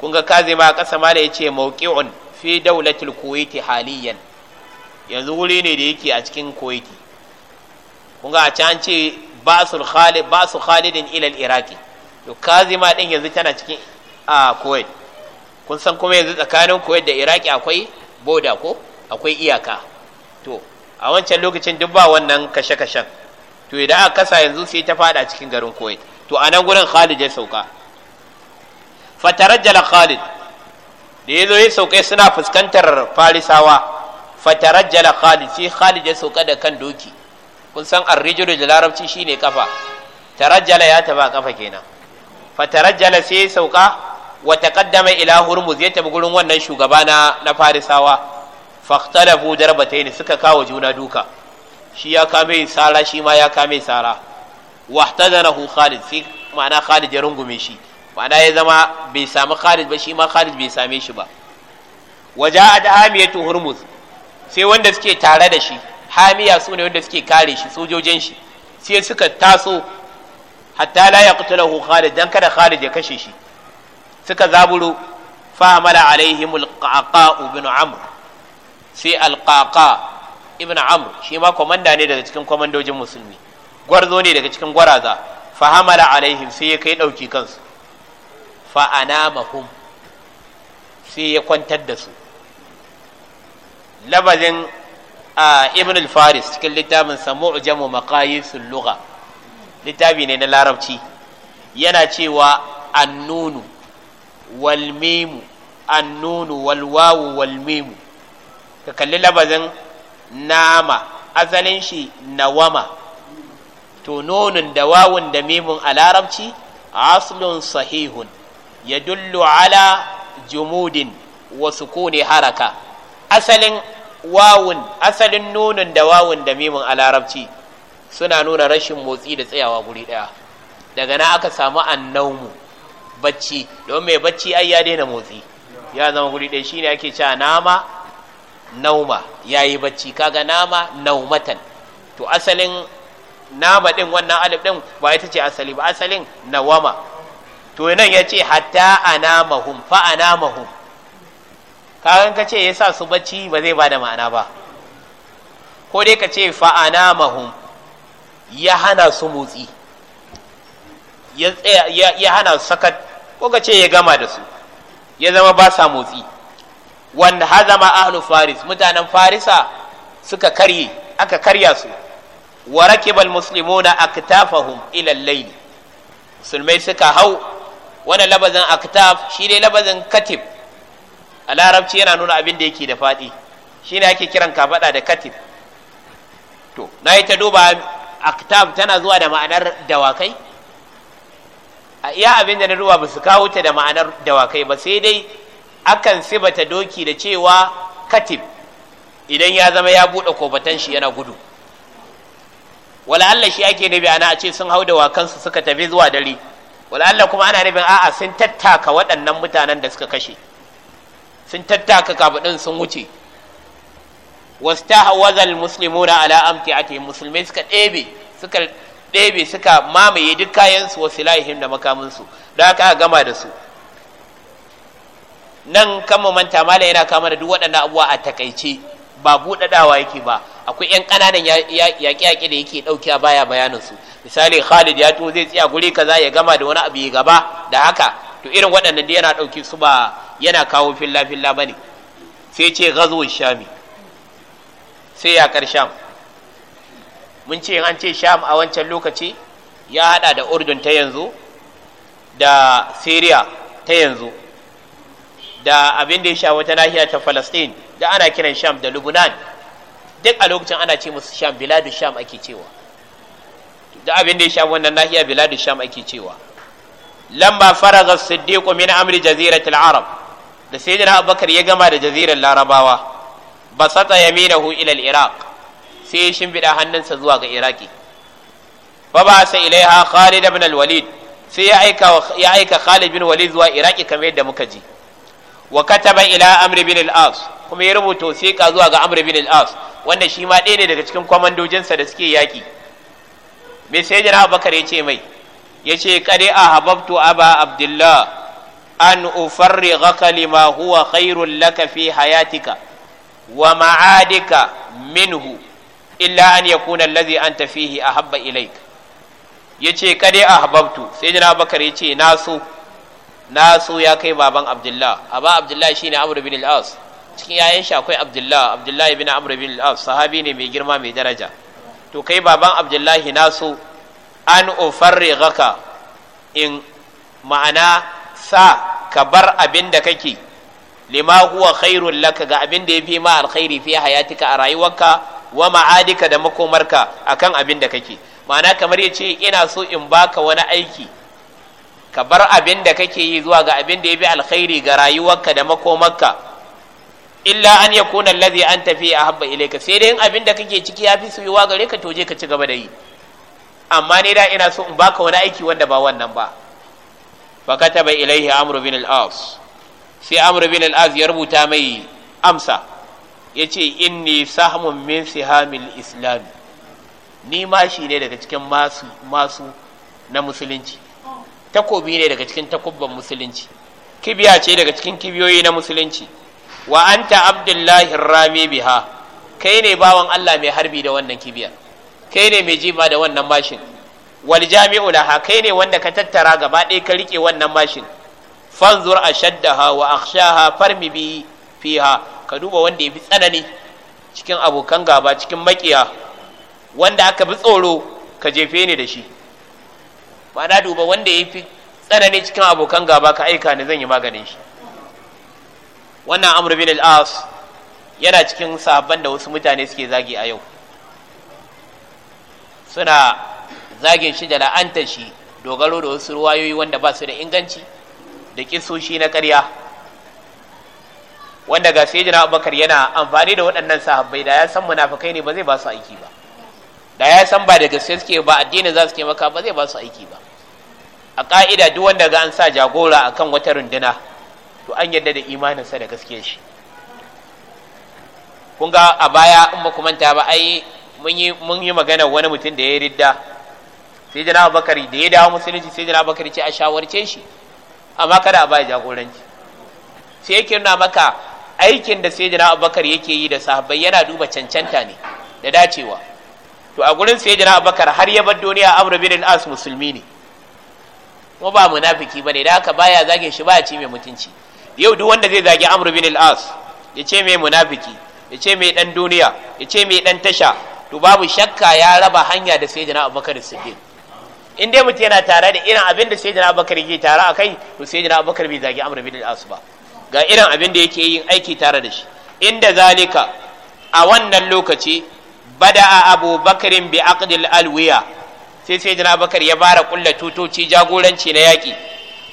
kun ga kazima a ƙasa ma da ya ce mawqi'un fi daulatul kuwaiti haliyan yanzu wuri ne da yake a cikin kuwaiti kun ga a can ce ba su khalidin ila Iraki. to kazima din yanzu tana cikin a kuwait kun san kuma yanzu tsakanin kuwait da iraki akwai boda ko akwai iyaka to a wancan lokacin duk ba wannan kashe-kashen to idan aka kasa yanzu sai ta fada cikin garin kuwait to a nan gurin khalid ya sauka fatarajjala khalid da ya zo ya sauka suna fuskantar farisawa fatarajjala khalid sai khalid ya sauka da kan doki kun san arrijiru da larabci shine kafa tarajjala ya taba kafa kenan fatarajjala sai ya sauka wa taqaddama ila hurmuz ya tabi gurin wannan shugaba na farisawa fahtalafu darbataini suka kawo juna duka shi ya kame sara shi ma ya kame sara wahtadanahu khalid sai ma'ana khalid ya rungume shi ma'ana ya zama bai sami khalid ba shi ma khalid bai same shi ba waja da hamiyatu hurmuz sai wanda suke tare da shi hamiya su ne wanda suke kare shi sojojin shi sai suka taso hatta la yaqtulahu khalid dan kada khalid ya kashe shi suka zaburo fa amala alaihim alqa'u bin amr sai alƙaƙa ibn amr shi ma komanda ne daga cikin komandojin musulmi gwarzo ne daga cikin gwaraza fa hamala alaihim sai ya kai ɗauki kansu fa anamahum sai ya kwantar da su Labarin a ibn al-faris cikin littafin samu jamu maqayisul lugha littafi ne na larabci yana cewa annunu wal mimu annunu wal wawu wal mimu ka kalli labazin nama asalin shi nawama to nonun da wawun da mimun a larabci aslun sahihun ya dullu ala jumudin wasu kone haraka asalin wawun asalin nonun da wawun da mimun a larabci suna nuna rashin motsi da tsayawa guri daya daga na aka samu annaumu bacci don mai bacci ai ya daina motsi ya zama guri ɗaya shine ake cewa nama nauma ya yi bacci kaga nama naumatan to asalin nama din wannan alif din ba ita ce asali ba asalin nawama to nan ya ce hatta anamahum fa anamahum kagan ka ce yasa su bacci ba zai bada ma'ana ba ko dai ka ce fa anamahum ya hana su motsi ya hana su sakat ko ka ce ya gama da su ya zama ba sa motsi wanda hazama ahlu faris mutanen farisa suka karye aka karya su wa rakibal muslimuna aktafahum ila al musulmai suka hau wannan labazin aktaf shi ne labazin katib a larabci yana nuna abin da yake da fadi shine ake kiran kafada da katib to na yi ta duba aktab tana zuwa da ma'anar dawakai a iya abin da na duba ba su kawo ta da ma'anar dawakai ba sai dai akan sibata doki da cewa katib idan ya zama ya buɗe kofatan shi yana gudu wala Allah shi ake nabi ana a ce sun hau da wakansu suka tafi zuwa dare wala Allah kuma ana nabin a'a sun tattaka waɗannan mutanen da suka kashe sun tattaka kafaɗin sun wuce wazal almuslimuna ala amti'atihim musulmai suka ɗebe suka ɗebe suka mamaye duk kayansu wasu lahihim da makaminsu da aka gama da su nan kan mu manta yana kama da duk waɗannan abubuwa a takaice ba buɗaɗawa yake ba akwai ƴan ƙananan yaƙe-yaƙe da yake ɗauki a baya bayanin su misali Khalid ya to zai tsaya guri kaza ya gama da wani abu ya gaba da haka to irin waɗannan da yana ɗauki su ba yana kawo filla filla bane sai ce gazo shami sai ya karshen mun ce an ce sham a wancan lokaci ya haɗa da urdun ta yanzu da syria ta yanzu da abin da ya sha wata nahiya ta Falastin da ana kiran Sham da Lubnan duk a lokacin ana ce musu Sham biladu Sham ake cewa da abin da ya sha wannan nahiya biladu Sham ake cewa lamma faraga Siddiq min amri jaziratil Arab da sayyidina Abubakar ya gama da jazirar Larabawa basata yaminahu ila al-Iraq sai ya shimbida hannunsa zuwa ga Iraki fa ba sa ilaiha Khalid ibn al-Walid sai ya aika ya aika Khalid bin Walid zuwa Iraki kamar yadda muka ji wa kataba ila amr bin al-as kuma ya rubuta wasiƙa zuwa ga Amri bin al-as wanda shi ma ɗaya ne daga cikin kwamandojinsa da suke yaƙi me sai jira ya ce mai yace ce kare a hababtu aba abdullah an ufarrighaka lima huwa khairul laka fi hayatika wa ma'adika minhu illa an yakuna allazi anta fihi ahabba ilayka yace kade ahbabtu sai jina bakar yace na so na ya kai baban abdullah aba abdullah shine amr bin al-as cikin yayan shi akwai abdullah abdullah ibn amr bin al-as sahabi ne mai girma mai daraja to kai baban abdullahi na so an ufarrighaka in ma'ana sa ka bar abin da kake lima huwa khairul laka ga abin da yafi ma alkhairi fi hayatika a rayuwarka wa ma'adika da makomarka akan abin da kake ma'ana kamar yace ina so in baka wani aiki ka bar abin da kake yi zuwa ga abin da ya bi alkhairi ga rayuwarka da makomarka illa an yakuna allazi an tafi a habba ilaika. sai dai in abin da kake ciki yafi suyuwa gare ka to je ka ci gaba da yi amma ne da ina so in baka wani aiki wanda ba wannan ba fa kataba ilaihi amru bin al-as sai amru bin al-as ya rubuta mai amsa ya ce inni sahmun min sihamil islami ni mashi ne daga cikin masu na musulunci takobi ne daga cikin takubban musulunci kibiya ce daga cikin kibiyoyi na musulunci wa anta abdullahi rami biha kai ne bawan Allah mai harbi da wannan kibiya kai ne mai jima da wannan mashin wal jami'u laha kai ne wanda ka tattara gaba ɗaya ka rike wannan mashin fanzur ashaddaha wa akhshaha farmi bi fiha ka duba wanda ya fi tsanani cikin abokan gaba cikin makiya wanda aka bi tsoro ka jefe ni da shi Ba na duba wanda ya fi tsanani cikin abokan gaba ka aika ni zan yi maganin shi wannan amr bin al yana cikin sahabban da wasu mutane suke zagi a yau suna zagin shi da la'antar shi dogaro da wasu ruwayoyi wanda ba su da inganci da kisoshi na karya. wanda ga sai jina abubakar yana amfani da waɗannan sahabbai da ya san munafukai ne ba zai ba su aiki ba da ya san ba da gaske suke ba addini za su maka ba zai ba su aiki ba a ƙa'ida duk wanda ga an sa jagora a kan wata runduna to an yadda da imaninsa da gaskiyar shi kun ga a baya in ba manta ba ai mun yi magana wani mutum da ya ridda sai jana abubakar da ya dawo musulunci sai jana abubakar ce a shawarce shi amma kada a baya jagoranci sai yake nuna maka aikin da sai jana abubakar yake yi da sahabbai yana duba cancanta ne da dacewa to a gurin sai jana abubakar har ya bar duniya amru bin as musulmi ne kuma ba munafiki bane da haka baya zage shi baya ci mai mutunci yau duk wanda zai zage amru bin al-as ya ce mai munafiki ya ce mai dan duniya ya ce mai dan tasha to babu shakka ya raba hanya da sayyidina abubakar siddiq in dai mutum yana tare da irin abin da sayyidina abubakar yake tare akai to sayyidina abubakar bai zage amru bin al-as ba ga irin abin da yake yin aiki tare da shi inda zalika a wannan lokaci bada'a abubakarin bi aqdil alwiya sai sai jina bakar ya bara kulla tutoci jagoranci na yaƙi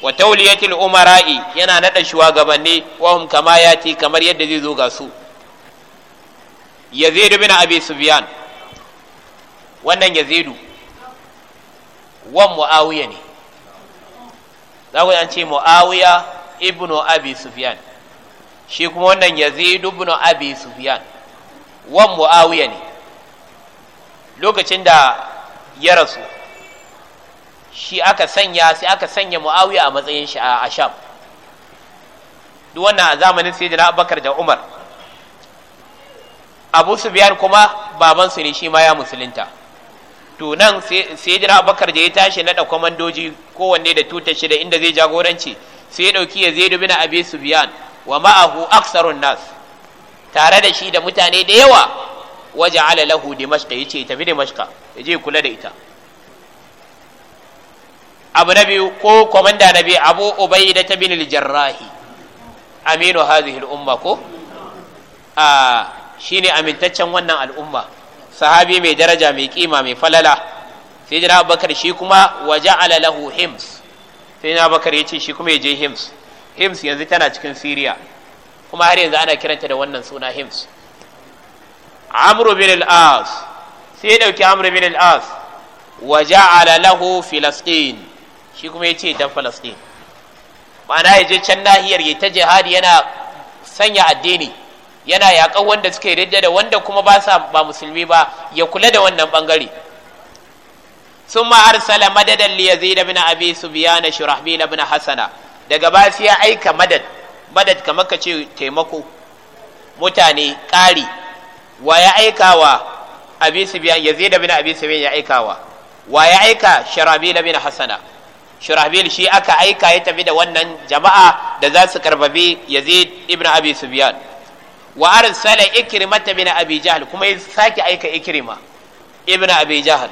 wa tauliyatul umara'i yana naɗa shugabanni hum kama yati kamar yadda zai zo ga su yazid bin abi sufyan wannan yazidu wa muawiya ne zaku an ce muawiya ibnu abi sufyan shi kuma wannan yazidu ibn abi sufyan wan muawiya ne lokacin da ya rasu shi aka sanya sai aka sanya muawiya a matsayin shi a sham duk wannan a zamanin sai abubakar da umar abu sufyan kuma babansu ne shi ma ya musulunta to nan sai abubakar da ya tashi naɗa kwamandoji kowanne da tutar shida inda zai jagoranci sai ya ɗauki ya zai bin abi sufyan wa ma'ahu aksarun nas tare da shi da mutane da yawa waje ala lahu dimashqa yace tafi dimashqa ya je kula da ita abu na biyu ko komanda na biyu abu ubai da ta bin jarrahi aminu hazihi al'umma ko a shine amintaccen wannan al'umma sahabi mai daraja mai kima mai falala sai jira abubakar shi kuma waje alalahu hims sai na abubakar ya ce shi kuma ya je hims hims yanzu tana cikin siriya kuma har yanzu ana kiranta da wannan suna hims amru bin al'as sai ya dauki amr bin al-as wa ja'ala lahu filastin shi kuma yace dan filastin ma'ana yaje can nahiyar ya ta jihad yana sanya addini yana yakan wanda suke yarda da wanda kuma ba sa ba musulmi ba ya kula da wannan bangare arsala أرسل li yazid بن abi سفيان shurahbil ibn hasana daga ba sai ya aika madad madad kamar ka ce taimako mutane ƙari wa ya aika wa. abi sufyan yazid bin abi sufyan ya aikawa wa ya aika sharabil bin hasana sharabil shi aka aika ya tafi da wannan jama'a da za su karbabi yazid ibn abi sufyan wa arsala ikrimata bin abi jahl kuma ya sake aika ikrima ibn abi jahl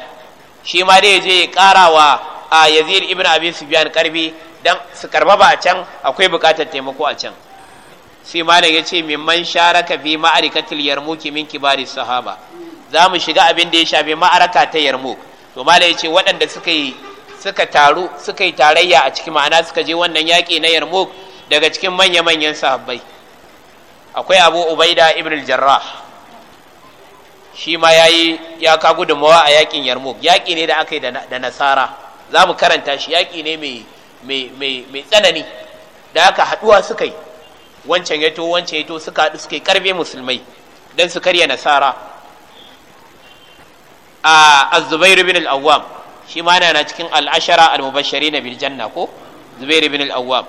shi ma dai je ya kara wa yazid ibn abi sufyan karbi dan su karbaba a can akwai bukatar taimako a can sai malam ya ce mimman sharaka fi ma'arikatil yarmuki min kibari sahaba za mu shiga abin da ya shafi ma'araka ta yarmu to mala ya ce waɗanda suka yi suka taru suka yi tarayya a cikin ma'ana suka je wannan yaƙi na yarmu daga cikin manya-manyan sahabbai akwai abu ubaida ibn jarrah shi ma ya yi ya ka gudunmawa a yaƙin yarmu yaƙi ne da aka yi da nasara za mu karanta shi yaƙi ne mai tsanani da aka haɗuwa suka yi wancan to wancan to suka haɗu suka yi karfe musulmai don su karya nasara az-zubair ibn al-awwam shi ma na cikin al'ashara ashara al-mubashirin bil janna ko Zubairu bin al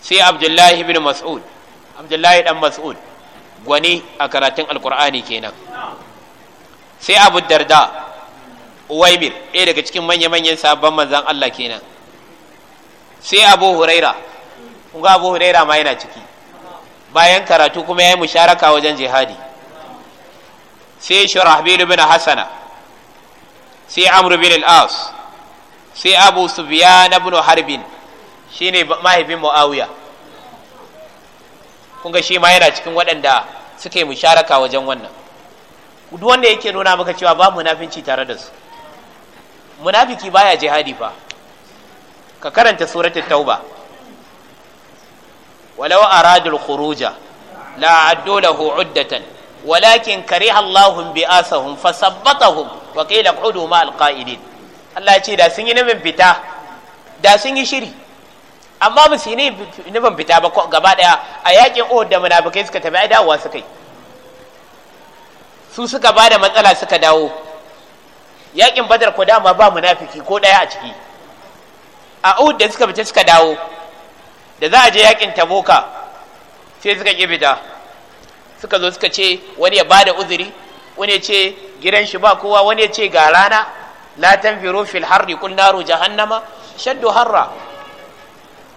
sai abdullahi bin mas'ud abdullahi dan mas'ud gwani a karatun alqur'ani kenan sai abu darda uwaimir ɗaya daga cikin manya-manyan sabon manzan Allah kenan sai abu huraira kun abu huraira ma yana ciki bayan karatu kuma ya yi musharaka wajen jihadi sai shurahbil bin Hassana. sai amr bin al-as sai abu sufyan ibn harbin shine mahaifin muawiya kun shi ma yana cikin waɗanda suke musharaka wajen wannan duk wanda yake nuna maka cewa ba munafinci tare da su munafiki baya jihadi fa ka karanta suratul tauba walau aradul khuruja la addu lahu uddatan walakin kare Allahum bi asahum fa sabbatahum wa qila qudu ma alqa'idin Allah ce da sun yi nufin fita da sun yi shiri amma ba su yi nufin fita ba gaba daya a yakin Uhud da munafikai suka tafi ai dawowa suka yi su suka ba matsala suka dawo yakin badar ko ba munafiki ko daya a ciki a uhud da suka fita suka dawo da za a je yakin taboka sai suka ƙi fita suka zo suka ce wani ya bada uzuri wani ya ce gidan shi ba kowa wani ya ce ga rana la tanfiru fil harri kun naru jahannama shaddu harra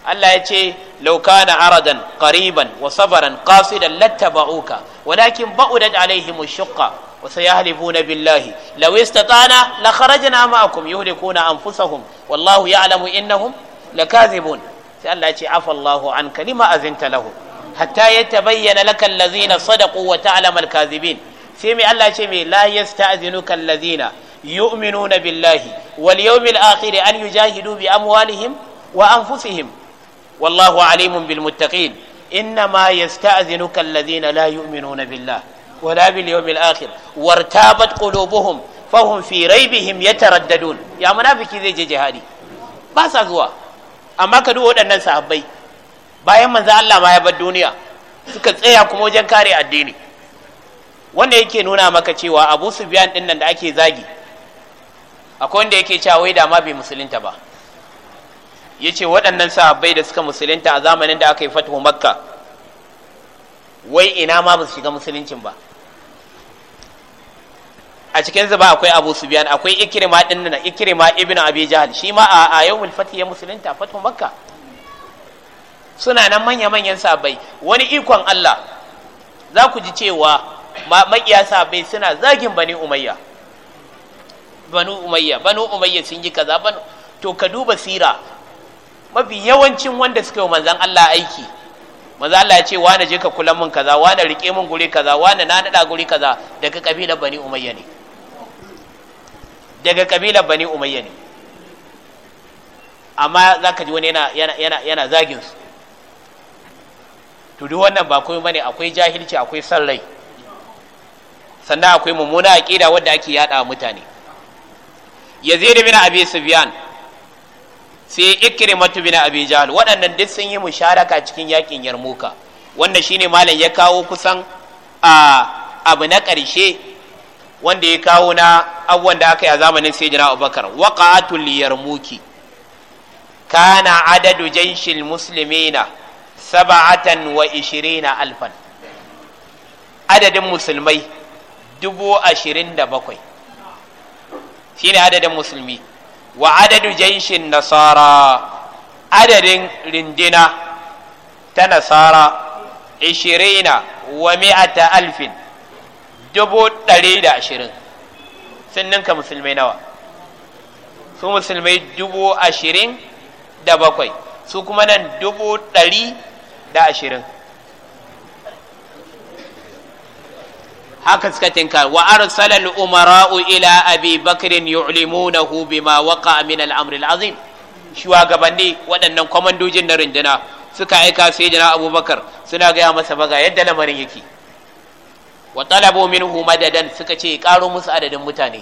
Allah ya ce law kana aradan qariban wa sabaran qasidan lattaba'uka walakin ba'udat alaihim ash-shaqqa wa sayahlifuna billahi law istata'na la kharajna ma'akum yuhlikuna anfusahum wallahu ya'lamu innahum lakazibun sai Allah ya ce afallahu an kalima azinta lahum hatta ya tabayyana lakan lazina sadaku wa ta'ala malkazibin sai mai Allah ce mai la ya sta azinu kan lazina yu'minu na billahi wal yau mil akhiri an yi jahidu bi amwalihim wa an fusihim wallahu alimun bil muttaqin inna ma ya sta azinu kan lazina la yu'minu na billah wala bil yau mil akhir wartabat qulubuhum fahum fi raibihim ya taraddadun ya munafiki zai je jihadi ba sa zuwa amma ka duwa waɗannan sahabbai bayan manzo Allah ma ya bar duniya suka tsaya kuma wajen kare addini wanda yake nuna maka cewa Abu Sufyan din nan da ake zagi akwai wanda yake cewa wai da ma bai musulunta ba yace waɗannan sahabbai da suka musulunta a zamanin da aka yi fatuhu makka wai ina ma ba su shiga musuluncin ba a cikin zuba akwai abu biyan. akwai Ikirima, din nan ikirma ibnu abi shi ma a yawmul fath ya musulunta fatuhu makka suna nan manya-manyan sabai wani ikon Allah za ku ji cewa maƙiya sabai suna zagin bani umayya Bani umayya bani umayya sun yi kaza banu to ka duba sira mafi yawancin wanda suka yi manzan Allah aiki manzan Allah ya ce wane je ka kula mun kaza wane rike mun guri kaza wane na nada guri kaza daga kabilar bani umayya ne daga kabilar bani umayya ne amma zaka ji wani yana yana yana, yana zagin su to duk wannan ba komai bane akwai jahilci akwai san rai sannan akwai mummuna aqida wanda ake yada mutane yazid bin abi sufyan sai ikrimatu bin abi jahl waɗannan duk sun yi musharaka cikin yakin yarmuka wanda shine malam ya kawo kusan a abu na ƙarshe wanda ya kawo na abubuwan da aka yi a zamanin sayyidina abubakar waqa'atul yarmuki kana adadu janshil muslimina saba'atan wa ishirina alfan adadin musulmai dubu ashirin da bakwai shi ne adadin musulmi wa adadu jaishin nasara adadin rindina ta nasara ishirina wa mi'ata alfin dubu ɗari da ashirin sun ninka musulmai nawa su musulmai dubu ashirin da bakwai su kuma nan dubu ɗari da ashirin haka suka tinka wa arsalal umara'u ila abi bakrin yu'limunahu bima waqa min al-amr al-azim shugabanni waɗannan kwamandojin na runduna suka aika sai jina abubakar suna gaya masa baga yadda lamarin yake wa huma da madadan suka ce karo musu adadin mutane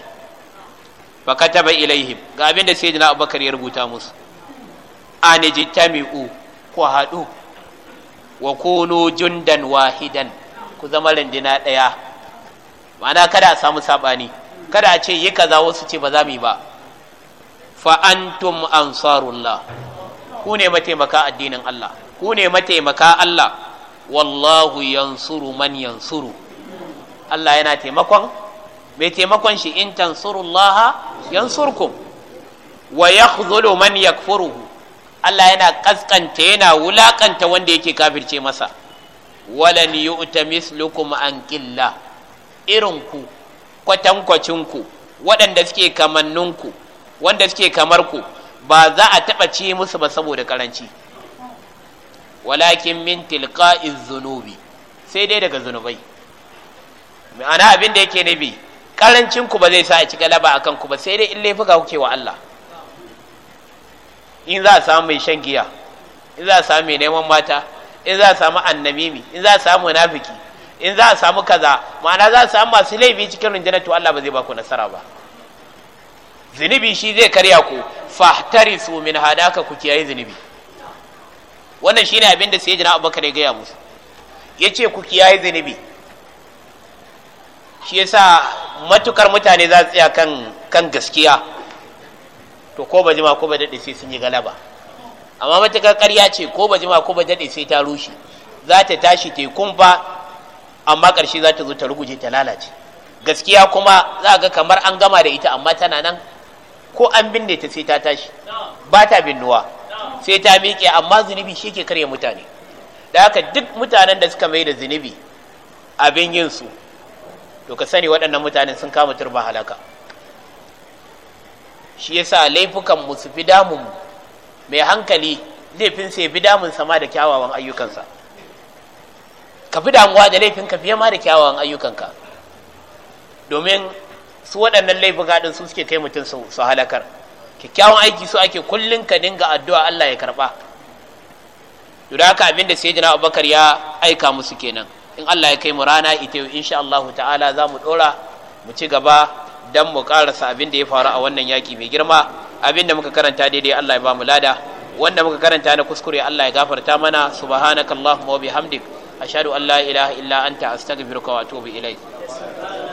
fa kataba ilaihim ga abin da sai jina abubakar ya rubuta musu anijtami'u ku haɗu wa kunu jundan wahidan ku zama rundina ɗaya ma'ana kada a samu saɓani kada a ce yi kaza wasu ce ba za mu yi ba fa'antum ansarullah ku ne mataimaka addinin Allah ku ne mataimaka Allah wallahu yansuru man yansuru Allah yana taimakon mai taimakon shi in tansurullaha yansurkum wa yakhdhulu man yakfuruhu Allah yana kaskanta yana wulakanta wanda yake kafirce masa walan yu'ta mislukum an qilla irin ku kwatankwacin ku waɗanda suke kamanninku wanda suke kamar ku ba za a taɓa ci musu ba saboda karanci walakin min tilqa'iz zunubi sai dai daga zunubai ma'ana abin da yake nabi karancin ku ba zai sa a ci galaba akan ku ba sai dai in laifuka kuke wa Allah in za a samu mai shan giya in za a samu mai neman mata in za a samu annamimi in za a samu munafiki in za a samu kaza ma'ana za a samu masu laifi cikin rundunar to Allah ba zai baku nasara ba zunubi shi zai karya ku fahtarisu min hadaka ku kiyaye zunubi wannan shine abin da sayyidina Abubakar ya gaya musu yace ku kiyaye zunubi shi yasa matukar mutane za su tsaya kan kan gaskiya to ko ba jima ko ba daɗe sai sun yi galaba amma matakar ƙarya ce ko ba jima ko ba daɗe sai ta rushe za ta tashi ta kumfa amma ƙarshe za ta zo ta ruguje ta lalace gaskiya kuma za ga kamar an gama da ita amma tana nan ko an binne ta sai ta tashi ba ta binnuwa sai ta miƙe amma zunubi shi ke karya mutane da haka duk mutanen da suka mai da zunubi abin yin su to ka sani waɗannan mutanen sun kama turba halaka shi yasa laifukan mu su fi damun mai hankali laifin sai fi damun sama da kyawawan ayyukansa ka fi damuwa da laifin ka fiye ma da kyawawan ayyukanka domin su waɗannan laifuka din su suke kai mutum su halakar kyakkyawan aiki su ake kullum ka dinga addu'a Allah ya karɓa to da haka abin da sayyidina Abubakar ya aika musu kenan in Allah ya kai mu rana ita yau insha Allah ta'ala za mu ɗora mu ci gaba dan mu karasa abin da ya faru a wannan yaki mai girma abin da muka karanta daidai Allah ya ba mu lada wanda muka karanta na kuskure Allah ya gafarta mana subhanakallahumma wa bihamdik ashhadu an la ilaha illa anta astaghfiruka wa atubu ilaik